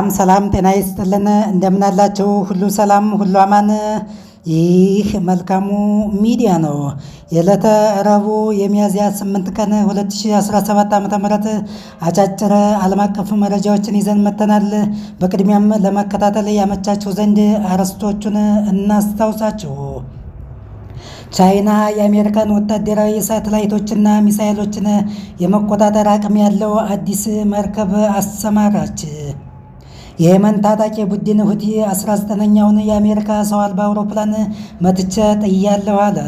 ሰላም ሰላም፣ ጤና ይስጥልን። እንደምናላቸው ሁሉ ሰላም ሁሉ አማን። ይህ መልካሙ ሚዲያ ነው። የዕለተ ረቡዕ የሚያዝያ 8 ቀን 2017 ዓ ም አጫጭር ዓለም አቀፍ መረጃዎችን ይዘን መጥተናል። በቅድሚያም ለመከታተል ያመቻችሁ ዘንድ አርዕስቶቹን እናስታውሳችሁ። ቻይና የአሜሪካን ወታደራዊ ሳተላይቶችና ሚሳይሎችን የመቆጣጠር አቅም ያለው አዲስ መርከብ አሰማራች። የየመን ታጣቂ ቡድን ሁቲ 19ኛውን የአሜሪካ ሰው አልባ አውሮፕላን መትቼ ጥያለሁ አለ።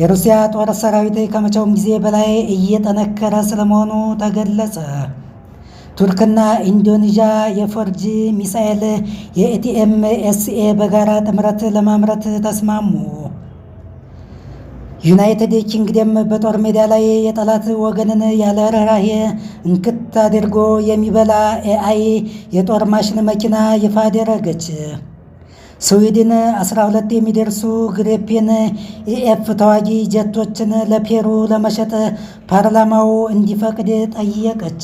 የሩሲያ ጦር ሰራዊት ከመቼውም ጊዜ በላይ እየጠነከረ ስለመሆኑ ተገለጸ። ቱርክና ኢንዶኔዥያ የፎርጂ ሚሳኤል የኤቲኤም በጋራ ጥምረት ለማምረት ተስማሙ። ዩናይትድ ኪንግደም በጦር ሜዳ ላይ የጠላት ወገንን ያለ ርኅራኄ እንክት አድርጎ የሚበላ ኤአይ የጦር ማሽን መኪና ይፋ አደረገች። ስዊድን 12 የሚደርሱ ግሬፔን ኢኤፍ ተዋጊ ጀቶችን ለፔሩ ለመሸጥ ፓርላማው እንዲፈቅድ ጠየቀች።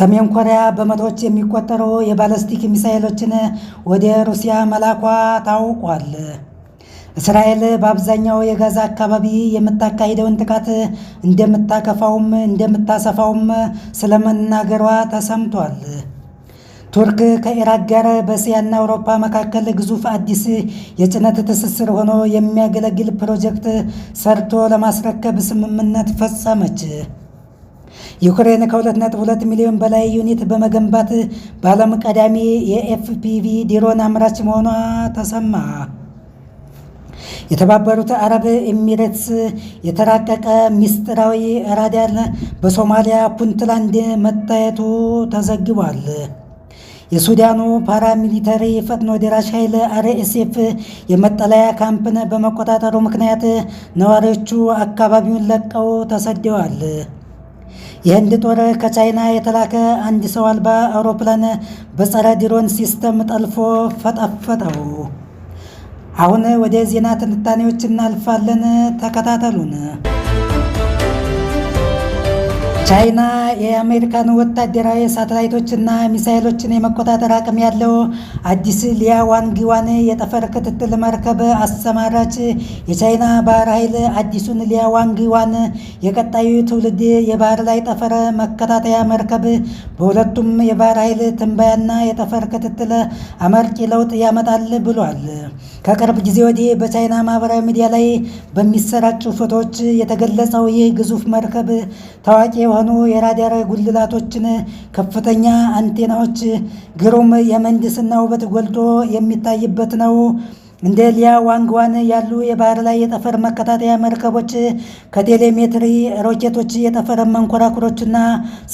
ሰሜን ኮሪያ በመቶዎች የሚቆጠሩ የባለስቲክ ሚሳይሎችን ወደ ሩሲያ መላኳ ታውቋል። እስራኤል በአብዛኛው የጋዛ አካባቢ የምታካሂደውን ጥቃት እንደምታከፋውም እንደምታሰፋውም ስለመናገሯ ተሰምቷል። ቱርክ ከኢራቅ ጋር በእስያና አውሮፓ መካከል ግዙፍ አዲስ የጭነት ትስስር ሆኖ የሚያገለግል ፕሮጀክት ሰርቶ ለማስረከብ ስምምነት ፈጸመች። ዩክሬን ከ2.2 ሚሊዮን በላይ ዩኒት በመገንባት በዓለም ቀዳሚ የኤፍፒቪ ድሮን አምራች መሆኗ ተሰማ። የተባበሩት አረብ ኤሚሬትስ የተራቀቀ ሚስጥራዊ ራዳር በሶማሊያ ፑንትላንድ መታየቱ ተዘግቧል። የሱዳኑ ፓራሚሊተሪ ፈጥኖ ደራሽ ኃይል አርኤስኤፍ የመጠለያ ካምፕን በመቆጣጠሩ ምክንያት ነዋሪዎቹ አካባቢውን ለቀው ተሰደዋል። የህንድ ጦር ከቻይና የተላከ አንድ ሰው አልባ አውሮፕላን በጸረ ድሮን ሲስተም ጠልፎ ፈጠፈጠው። አሁን ወደ ዜና ትንታኔዎች እናልፋለን። ተከታተሉን። ቻይና የአሜሪካን ወታደራዊ ሳተላይቶችና ሚሳይሎችን የመቆጣጠር አቅም ያለው አዲስ ሊያ ዋንጊዋን የጠፈር ክትትል መርከብ አሰማራች። የቻይና ባህር ኃይል አዲሱን ሊያ ዋንጊዋን የቀጣዩ ትውልድ የባህር ላይ ጠፈር መከታተያ መርከብ በሁለቱም የባህር ኃይል ትንበያና የጠፈር ክትትል አመርቂ ለውጥ ያመጣል ብሏል። ከቅርብ ጊዜ ወዲህ በቻይና ማህበራዊ ሚዲያ ላይ በሚሰራጩ ፎቶዎች የተገለጸው ይህ ግዙፍ መርከብ ታዋቂ የሆኑ የራዳር ጉልላቶችን፣ ከፍተኛ አንቴናዎች፣ ግሩም የምህንድስና ውበት ጎልቶ የሚታይበት ነው። እንደ ሊያ ዋንግዋን ያሉ የባህር ላይ የጠፈር መከታተያ መርከቦች ከቴሌሜትሪ ሮኬቶች፣ የጠፈር መንኮራኩሮችና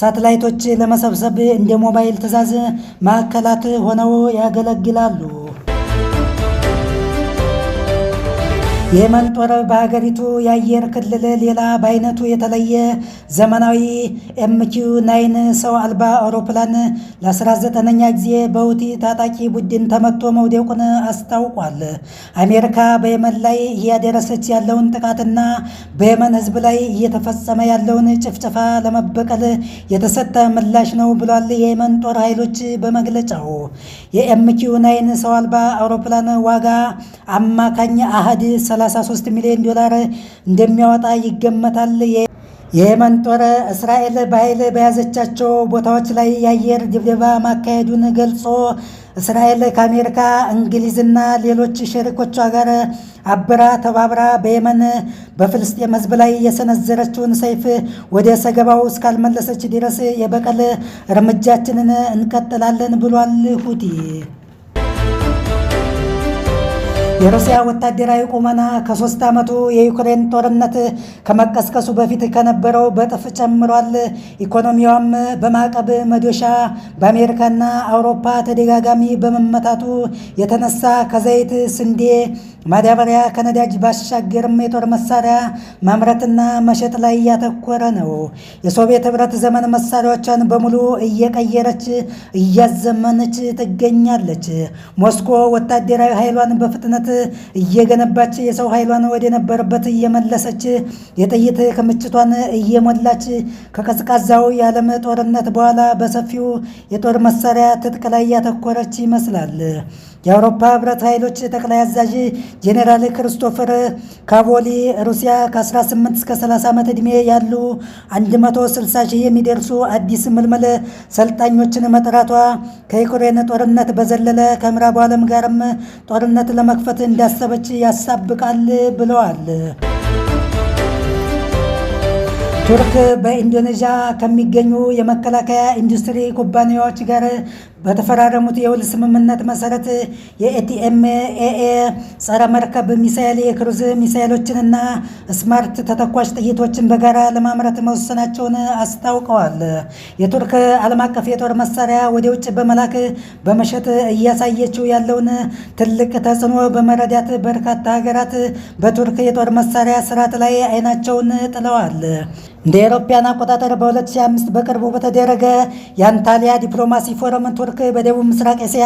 ሳተላይቶች ለመሰብሰብ እንደ ሞባይል ትዕዛዝ ማዕከላት ሆነው ያገለግላሉ። የመንጦር ጦር በሀገሪቱ የአየር ክልል ሌላ በአይነቱ የተለየ ዘመናዊ ኤምኪው ናይን ሰው አልባ አውሮፕላን ለ19ኛ ጊዜ በውቲ ታጣቂ ቡድን ተመቶ መውደቁን አስታውቋል። አሜሪካ በየመን ላይ እያደረሰች ያለውን ጥቃትና በየመን ሕዝብ ላይ እየተፈጸመ ያለውን ጭፍጨፋ ለመበቀል የተሰጠ ምላሽ ነው ብሏል የየመን ጦር ኃይሎች በመግለጫው። የኤምኪው ናይን ሰው አልባ አውሮፕላን ዋጋ አማካኝ አሃድ 33 ሚሊዮን ዶላር እንደሚያወጣ ይገመታል። የየመን ጦር እስራኤል በኃይል በያዘቻቸው ቦታዎች ላይ የአየር ድብደባ ማካሄዱን ገልጾ እስራኤል ከአሜሪካ እንግሊዝና ሌሎች ሸሪኮቿ ጋር አብራ ተባብራ በየመን በፍልስጤም ህዝብ ላይ የሰነዘረችውን ሰይፍ ወደ ሰገባው እስካልመለሰች ድረስ የበቀል እርምጃችንን እንቀጥላለን ብሏል ሁቲ የሩሲያ ወታደራዊ ቁመና ከሶስት ዓመቱ የዩክሬን ጦርነት ከመቀስቀሱ በፊት ከነበረው በጥፍ ጨምሯል። ኢኮኖሚዋም በማዕቀብ መዶሻ በአሜሪካና አውሮፓ ተደጋጋሚ በመመታቱ የተነሳ ከዘይት፣ ስንዴ፣ ማዳበሪያ ከነዳጅ ባሻገርም የጦር መሳሪያ ማምረትና መሸጥ ላይ እያተኮረ ነው። የሶቪየት ህብረት ዘመን መሳሪያዎቿን በሙሉ እየቀየረች እያዘመነች ትገኛለች። ሞስኮ ወታደራዊ ኃይሏን በፍጥነት ሰዓት እየገነባች የሰው ኃይሏን ወደ ነበረበት እየመለሰች የጥይት ክምችቷን እየሞላች ከቀዝቃዛው የዓለም ጦርነት በኋላ በሰፊው የጦር መሳሪያ ትጥቅ ላይ ያተኮረች ይመስላል። የአውሮፓ ህብረት ኃይሎች ጠቅላይ አዛዥ ጄኔራል ክርስቶፈር ካቮሊ ሩሲያ ከ18 እስከ 30 ዓመት ዕድሜ ያሉ 160 ሺህ የሚደርሱ አዲስ ምልምል ሰልጣኞችን መጥራቷ ከዩክሬን ጦርነት በዘለለ ከምዕራቡ ዓለም ጋርም ጦርነት ለመክፈት እንዳሰበች ያሳብቃል ብለዋል። ቱርክ በኢንዶኔዥያ ከሚገኙ የመከላከያ ኢንዱስትሪ ኩባንያዎች ጋር በተፈራረሙት የውል ስምምነት መሰረት የኤቲኤምኤኤ ጸረ መርከብ ሚሳኤል የክሩዝ ሚሳኤሎችንና ስማርት ተተኳሽ ጥይቶችን በጋራ ለማምረት መወሰናቸውን አስታውቀዋል። የቱርክ ዓለም አቀፍ የጦር መሳሪያ ወደ ውጭ በመላክ በመሸጥ እያሳየችው ያለውን ትልቅ ተጽዕኖ በመረዳት በርካታ ሀገራት በቱርክ የጦር መሳሪያ ስርዓት ላይ አይናቸውን ጥለዋል። እንደ አውሮፓውያን አቆጣጠር በ2005 በቅርቡ በተደረገ የአንታሊያ ዲፕሎማሲ ፎረም ቱርክ ቱርክ በደቡብ ምስራቅ እስያ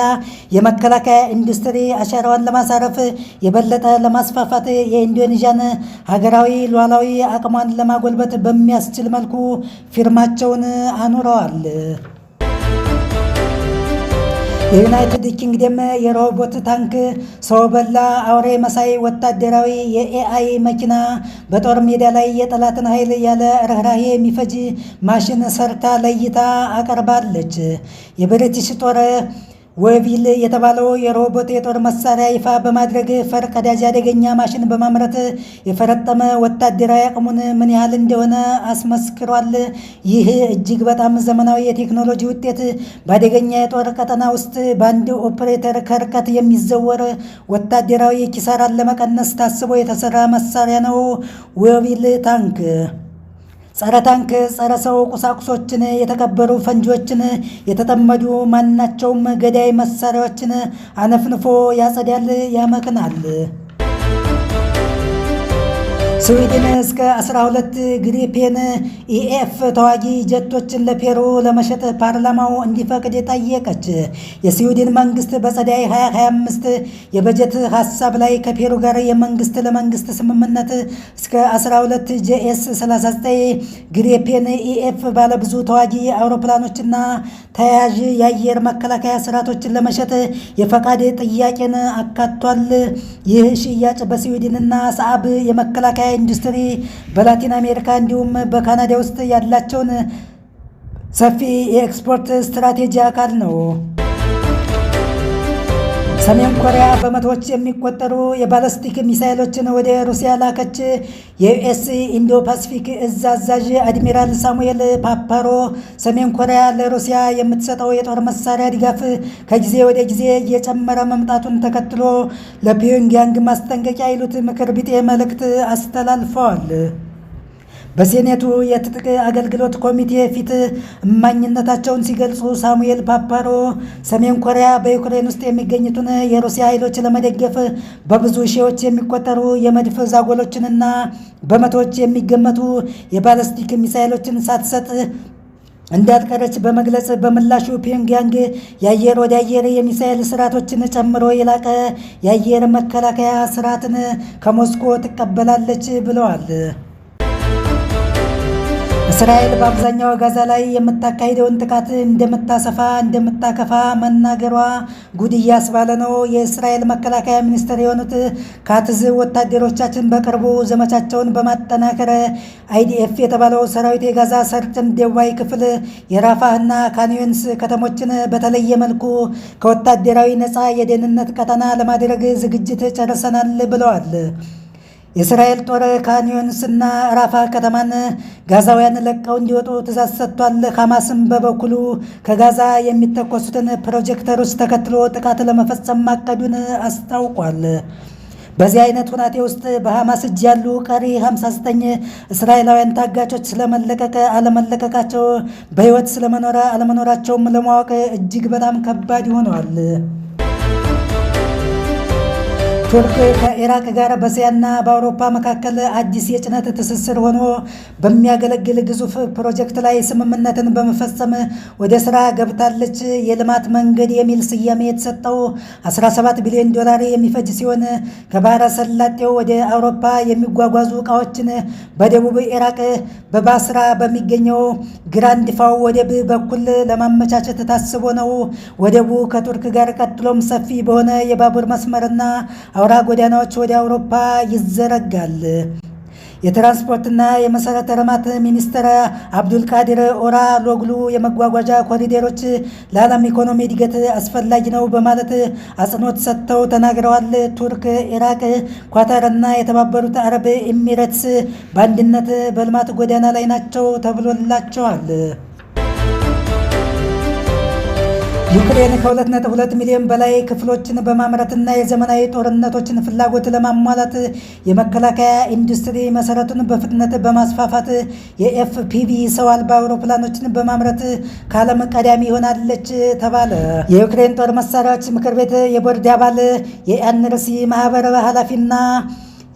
የመከላከያ ኢንዱስትሪ አሻራዋን ለማሳረፍ የበለጠ ለማስፋፋት የኢንዶኔዥያን ሀገራዊ ሉዓላዊ አቅሟን ለማጎልበት በሚያስችል መልኩ ፊርማቸውን አኑረዋል። የዩናይትድ ኪንግደም የሮቦት ታንክ ሰው በላ አውሬ መሳይ ወታደራዊ የኤአይ መኪና በጦር ሜዳ ላይ የጠላትን ኃይል ያለ ርኅራሄ የሚፈጅ ማሽን ሰርታ ለእይታ አቀርባለች። የብሪቲሽ ጦር ወቪል የተባለው የሮቦት የጦር መሳሪያ ይፋ በማድረግ ፈር ቀዳጅ አደገኛ ማሽን በማምረት የፈረጠመ ወታደራዊ አቅሙን ምን ያህል እንደሆነ አስመስክሯል። ይህ እጅግ በጣም ዘመናዊ የቴክኖሎጂ ውጤት በአደገኛ የጦር ቀጠና ውስጥ በአንድ ኦፕሬተር ከርቀት የሚዘወር ወታደራዊ ኪሳራን ለመቀነስ ታስቦ የተሰራ መሳሪያ ነው። ወቪል ታንክ ጸረ ታንክ፣ ጸረ ሰው ቁሳቁሶችን፣ የተቀበሩ ፈንጂዎችን፣ የተጠመዱ ማናቸውም ገዳይ መሳሪያዎችን አነፍንፎ ያጸዳል፣ ያመክናል። ስዊድን እስከ 12 ግሪፔን ኢኤፍ ተዋጊ ጀቶችን ለፔሩ ለመሸጥ ፓርላማው እንዲፈቅድ ጠየቀች። የስዊድን መንግስት በጸደይ 2025 የበጀት ሀሳብ ላይ ከፔሩ ጋር የመንግስት ለመንግስት ስምምነት እስከ 12 ጄኤስ 39 ግሪፔን ኢኤፍ ባለብዙ ተዋጊ አውሮፕላኖችና ተያያዥ የአየር መከላከያ ስርዓቶችን ለመሸጥ የፈቃድ ጥያቄን አካቷል። ይህ ሽያጭ በስዊድንና ሰአብ የመከላከያ ኢንዱስትሪ በላቲን አሜሪካ እንዲሁም በካናዳ ውስጥ ያላቸውን ሰፊ የኤክስፖርት ስትራቴጂ አካል ነው። ሰሜን ኮሪያ በመቶዎች የሚቆጠሩ የባለስቲክ ሚሳይሎችን ወደ ሩሲያ ላከች። የዩኤስ ኢንዶ ፓሲፊክ እዝ አዛዥ አድሚራል ሳሙኤል ፓፓሮ ሰሜን ኮሪያ ለሩሲያ የምትሰጠው የጦር መሳሪያ ድጋፍ ከጊዜ ወደ ጊዜ እየጨመረ መምጣቱን ተከትሎ ለፒዮንግያንግ ማስጠንቀቂያ ይሉት ምክር ቢጤ መልእክት አስተላልፈዋል። በሴኔቱ የትጥቅ አገልግሎት ኮሚቴ ፊት እማኝነታቸውን ሲገልጹ ሳሙኤል ፓፓሮ ሰሜን ኮሪያ በዩክሬን ውስጥ የሚገኙትን የሩሲያ ኃይሎች ለመደገፍ በብዙ ሺዎች የሚቆጠሩ የመድፍ ዛጎሎችንና በመቶዎች የሚገመቱ የባለስቲክ ሚሳይሎችን ሳትሰጥ እንዳትቀረች በመግለጽ በምላሹ ፒዮንግያንግ የአየር ወደ አየር የሚሳኤል ስርዓቶችን ጨምሮ የላቀ የአየር መከላከያ ስርዓትን ከሞስኮ ትቀበላለች ብለዋል። እስራኤል በአብዛኛው ጋዛ ላይ የምታካሄደውን ጥቃት እንደምታሰፋ እንደምታከፋ መናገሯ ጉድ እያስባለ ነው። የእስራኤል መከላከያ ሚኒስትር የሆኑት ካትዝ ወታደሮቻችን በቅርቡ ዘመቻቸውን በማጠናከር አይዲኤፍ የተባለው ሰራዊት የጋዛ ሰርጥን ደቡባዊ ክፍል የራፋህና ካንዮንስ ከተሞችን በተለየ መልኩ ከወታደራዊ ነፃ የደህንነት ቀጠና ለማድረግ ዝግጅት ጨርሰናል ብለዋል። የእስራኤል ጦር ካንዮንስና ራፋ ከተማን ጋዛውያን ለቀው እንዲወጡ ትእዛዝ ሰጥቷል። ሐማስም በበኩሉ ከጋዛ የሚተኮሱትን ፕሮጀክተሮች ተከትሎ ጥቃት ለመፈጸም ማቀዱን አስታውቋል። በዚህ አይነት ሁናቴ ውስጥ በሐማስ እጅ ያሉ ቀሪ 59 እስራኤላውያን ታጋቾች ስለመለቀቀ አለመለቀቃቸው፣ በሕይወት ስለመኖር አለመኖራቸውም ለማወቅ እጅግ በጣም ከባድ ሆነዋል። ቱርክ ከኢራቅ ጋር በእስያና በአውሮፓ መካከል አዲስ የጭነት ትስስር ሆኖ በሚያገለግል ግዙፍ ፕሮጀክት ላይ ስምምነትን በመፈጸም ወደ ስራ ገብታለች። የልማት መንገድ የሚል ስያሜ የተሰጠው 17 ቢሊዮን ዶላር የሚፈጅ ሲሆን ከባህረ ሰላጤው ወደ አውሮፓ የሚጓጓዙ እቃዎችን በደቡብ ኢራቅ በባስራ በሚገኘው ግራንድ ፋው ወደብ በኩል ለማመቻቸት ታስቦ ነው። ወደቡ ከቱርክ ጋር ቀጥሎም ሰፊ በሆነ የባቡር መስመርና አውራ ጎዳናዎች ወደ አውሮፓ ይዘረጋል። የትራንስፖርትና የመሠረተ ልማት ሚኒስትር አብዱልቃዲር ኦራ ሎግሉ የመጓጓዣ ኮሪደሮች ለዓለም ኢኮኖሚ እድገት አስፈላጊ ነው በማለት አጽንኦት ሰጥተው ተናግረዋል። ቱርክ፣ ኢራቅ፣ ኳታርና የተባበሩት አረብ ኤሚሬትስ በአንድነት በልማት ጎዳና ላይ ናቸው ተብሎላቸዋል። ዩክሬን ከ 22 ሚሊዮን በላይ ክፍሎችን በማምረትና የዘመናዊ ጦርነቶችን ፍላጎት ለማሟላት የመከላከያ ኢንዱስትሪ መሰረቱን በፍጥነት በማስፋፋት የኤፍፒቪ ሰው አልባ አውሮፕላኖችን በማምረት ከዓለም ቀዳሚ ይሆናለች ተባለ። የዩክሬን ጦር መሳሪያዎች ምክር ቤት የቦርድ አባል የኤንርሲ ማህበር ኃላፊና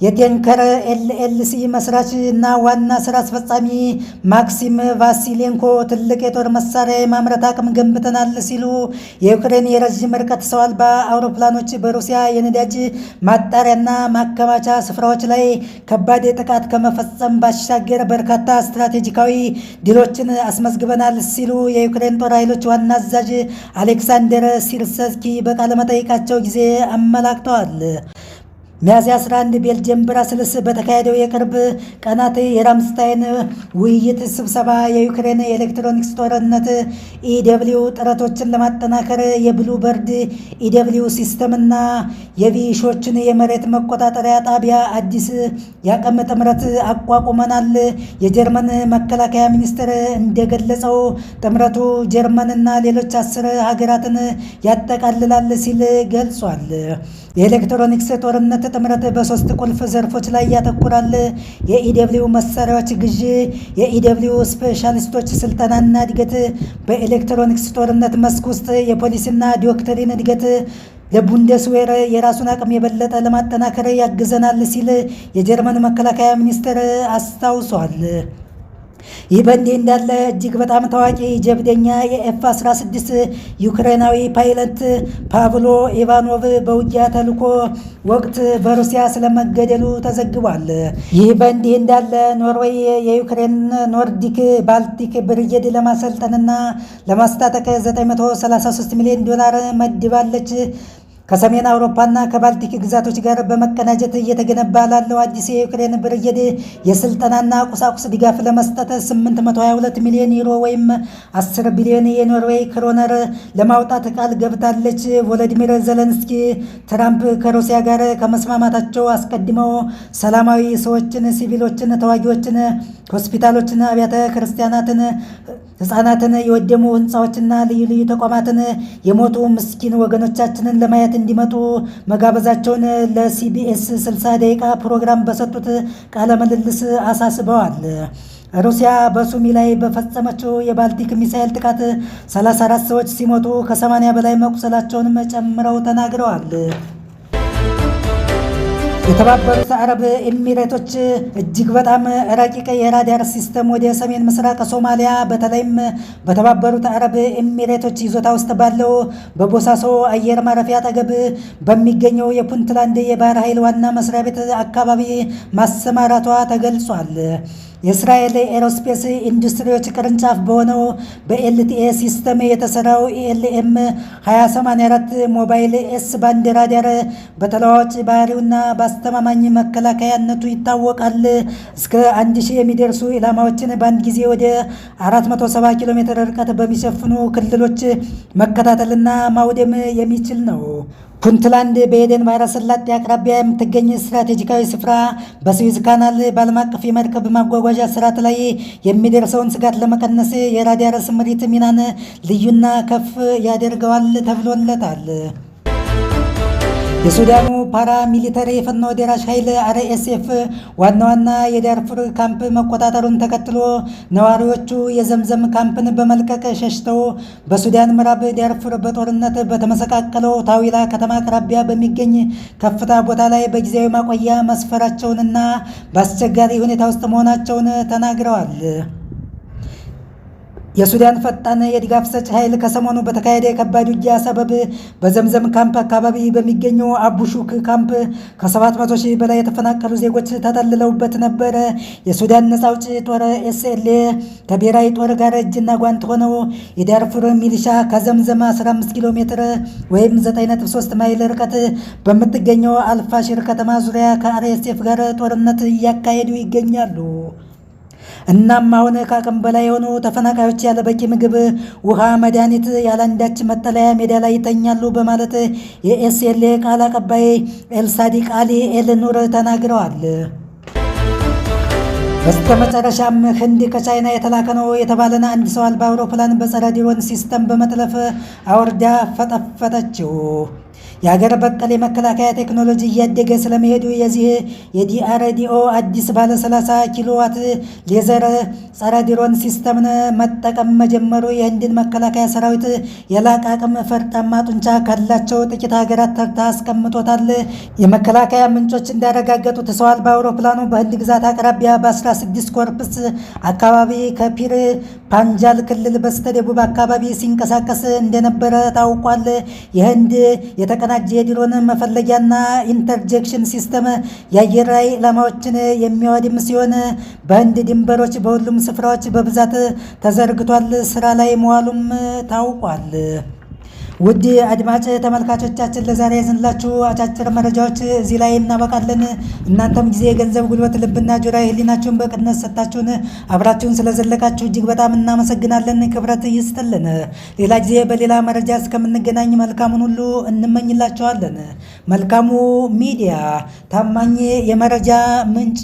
የቴንከር ኤልኤልሲ መስራች እና ዋና ስራ አስፈጻሚ ማክሲም ቫሲሌንኮ ትልቅ የጦር መሳሪያ የማምረት አቅም ገንብተናል ሲሉ የዩክሬን የረዥም ርቀት ሰው አልባ አውሮፕላኖች በሩሲያ የነዳጅ ማጣሪያና ማከማቻ ስፍራዎች ላይ ከባድ ጥቃት ከመፈጸም ባሻገር በርካታ ስትራቴጂካዊ ድሎችን አስመዝግበናል ሲሉ የዩክሬን ጦር ኃይሎች ዋና አዛዥ አሌክሳንደር ሲርሰስኪ በቃለመጠይቃቸው ጊዜ አመላክተዋል። ሚያዝያ 11 ቤልጅየም ብራስልስ በተካሄደው የቅርብ ቀናት የራምስታይን ውይይት ስብሰባ የዩክሬን የኤሌክትሮኒክስ ጦርነት ኢደብሊው ጥረቶችን ለማጠናከር የብሉበርድ ኢደብሊው ሲስተምና የቪሾችን የመሬት መቆጣጠሪያ ጣቢያ አዲስ የአቅም ጥምረት አቋቁመናል። የጀርመን መከላከያ ሚኒስትር እንደገለጸው ጥምረቱ ጀርመንና ሌሎች አስር ሀገራትን ያጠቃልላል ሲል ገልጿል። የኤሌክትሮኒክስ ጦርነት ትምህርት በሶስት ቁልፍ ዘርፎች ላይ ያተኩራል። የኢደብሊው መሳሪያዎች ግዢ፣ የኢደብሊው ስፔሻሊስቶች ስልጠናና እድገት፣ በኤሌክትሮኒክስ ጦርነት መስክ ውስጥ የፖሊሲና ዶክትሪን እድገት ለቡንደስዌር የራሱን አቅም የበለጠ ለማጠናከር ያግዘናል ሲል የጀርመን መከላከያ ሚኒስቴር አስታውሷል። ይህ በእንዲህ እንዳለ እጅግ በጣም ታዋቂ ጀብደኛ የኤፍ 16 ዩክሬናዊ ፓይለት ፓቭሎ ኢቫኖቭ በውጊያ ተልኮ ወቅት በሩሲያ ስለመገደሉ ተዘግቧል። ይህ በእንዲህ እንዳለ ኖርዌይ የዩክሬን ኖርዲክ ባልቲክ ብርጌድ ለማሰልጠንና ለማስታጠቅ 933 ሚሊዮን ዶላር መድባለች። ከሰሜን አውሮፓና ከባልቲክ ግዛቶች ጋር በመቀናጀት እየተገነባ ላለው አዲስ የዩክሬን ብርጌድ የስልጠናና ቁሳቁስ ድጋፍ ለመስጠት 822 ሚሊዮን ዩሮ ወይም 10 ቢሊዮን የኖርዌይ ክሮነር ለማውጣት ቃል ገብታለች። ቮሎዲሚር ዘለንስኪ ትራምፕ ከሩሲያ ጋር ከመስማማታቸው አስቀድመው ሰላማዊ ሰዎችን፣ ሲቪሎችን፣ ተዋጊዎችን፣ ሆስፒታሎችን፣ አብያተ ክርስቲያናትን ሕፃናትን፣ የወደሙ ህንፃዎችና ልዩ ልዩ ተቋማትን፣ የሞቱ ምስኪን ወገኖቻችንን ለማየት እንዲመጡ መጋበዛቸውን ለሲቢኤስ 60 ደቂቃ ፕሮግራም በሰጡት ቃለ ምልልስ አሳስበዋል። ሩሲያ በሱሚ ላይ በፈጸመችው የባልቲክ ሚሳኤል ጥቃት 34 ሰዎች ሲሞቱ ከ80 በላይ መቁሰላቸውንም ጨምረው ተናግረዋል። የተባበሩት አረብ ኤሚሬቶች እጅግ በጣም ረቂቅ የራዳር ሲስተም ወደ ሰሜን ምስራቅ ሶማሊያ በተለይም በተባበሩት አረብ ኤሚሬቶች ይዞታ ውስጥ ባለው በቦሳሶ አየር ማረፊያ አጠገብ በሚገኘው የፑንትላንድ የባህር ኃይል ዋና መስሪያ ቤት አካባቢ ማሰማራቷ ተገልጿል። የእስራኤል ኤሮስፔስ ኢንዱስትሪዎች ቅርንጫፍ በሆነው በኤልቲኤ ሲስተም የተሰራው ኤልኤም 284 ሞባይል ኤስ ባንድ ራዳር በተለዋዋጭ ባህሪውና በአስተማማኝ መከላከያነቱ ይታወቃል። እስከ 1000 የሚደርሱ ኢላማዎችን በአንድ ጊዜ ወደ 470 ኪሎ ሜትር ርቀት በሚሸፍኑ ክልሎች መከታተልና ማውደም የሚችል ነው። ፑንትላንድ በኤደን ባህረ ሰላጤ አቅራቢያ የምትገኝ ስትራቴጂካዊ ስፍራ በስዊዝ ካናል በዓለም አቀፍ የመርከብ ማጓጓዣ ስርዓት ላይ የሚደርሰውን ስጋት ለመቀነስ የራዳር ስምሪት ሚናን ልዩና ከፍ ያደርገዋል ተብሎለታል። የሱዳኑ ፓራ ሚሊተሪ የፈኖ ደራሽ ኃይል አርኤስኤፍ ዋና ዋና የዳርፉር ካምፕ መቆጣጠሩን ተከትሎ ነዋሪዎቹ የዘምዘም ካምፕን በመልቀቅ ሸሽተው በሱዳን ምዕራብ ዳርፉር በጦርነት በተመሰቃቀለው ታዊላ ከተማ አቅራቢያ በሚገኝ ከፍታ ቦታ ላይ በጊዜያዊ ማቆያ መስፈራቸውንና በአስቸጋሪ ሁኔታ ውስጥ መሆናቸውን ተናግረዋል። የሱዳን ፈጣን የድጋፍ ሰጪ ኃይል ከሰሞኑ በተካሄደ የከባድ ውጊያ ሰበብ በዘምዘም ካምፕ አካባቢ በሚገኘው አቡሹክ ካምፕ ከ700 ሺህ በላይ የተፈናቀሉ ዜጎች ተጠልለውበት ነበረ። የሱዳን ነጻ አውጪ ጦር ኤስኤልኤ ከብሔራዊ ጦር ጋር እጅና ጓንት ሆነው የዳርፉር ሚሊሻ ከዘምዘም 15 ኪሎ ሜትር ወይም 9.3 ማይል ርቀት በምትገኘው አልፋሽር ከተማ ዙሪያ ከአርኤስኤፍ ጋር ጦርነት እያካሄዱ ይገኛሉ። እናም አሁን ከአቅም በላይ የሆኑ ተፈናቃዮች ያለ በቂ ምግብ፣ ውሃ፣ መድኃኒት፣ ያለ መጠለያ ሜዳ ላይ ይተኛሉ በማለት የኤስኤልኤ ቃል አቀባይ ኤልሳዲቅ አሊ ኤል ኑር ተናግረዋል። በስተመጨረሻም ህንድ ከቻይና የተላከ ነው የተባለን አንድ ሰው አልባ አውሮፕላን በጸረ ድሮን ሲስተም በመጥለፍ አውርዳ ፈጠፈጠችው። የሀገር በቀል የመከላከያ ቴክኖሎጂ እያደገ ስለመሄዱ የዚህ የዲአርዲኦ አዲስ ባለ 30 ኪሎዋት ሌዘር ጸረ ድሮን ሲስተምን መጠቀም መጀመሩ የህንድን መከላከያ ሰራዊት የላቀ አቅም፣ ፈርጣማ ጡንቻ ካላቸው ጥቂት ሀገራት ተርታ አስቀምጦታል። የመከላከያ ምንጮች እንዳረጋገጡ ተሰዋል። በአውሮፕላኑ በህንድ ግዛት አቅራቢያ በ16 ኮርፕስ አካባቢ ከፒር ፓንጃል ክልል በስተደቡብ አካባቢ ሲንቀሳቀስ እንደነበረ ታውቋል። የህንድ የተቀና የተቀናጀ የድሮን መፈለጊያና ኢንተርጀክሽን ሲስተም የአየር ላይ ኢላማዎችን የሚያወድም ሲሆን በህንድ ድንበሮች በሁሉም ስፍራዎች በብዛት ተዘርግቷል። ስራ ላይ መዋሉም ታውቋል። ውድ አድማጭ ተመልካቾቻችን ለዛሬ ያዘንላችሁ አጫጭር መረጃዎች እዚህ ላይ እናበቃለን። እናንተም ጊዜ፣ ገንዘብ፣ ጉልበት፣ ልብና ጆሮ ህሊናችሁን በቅድነት ሰጥታችሁን አብራችሁን ስለዘለቃችሁ እጅግ በጣም እናመሰግናለን። ክብረት ይስጥልን። ሌላ ጊዜ በሌላ መረጃ እስከምንገናኝ መልካሙን ሁሉ እንመኝላችኋለን። መልካሙ ሚዲያ ታማኝ የመረጃ ምንጭ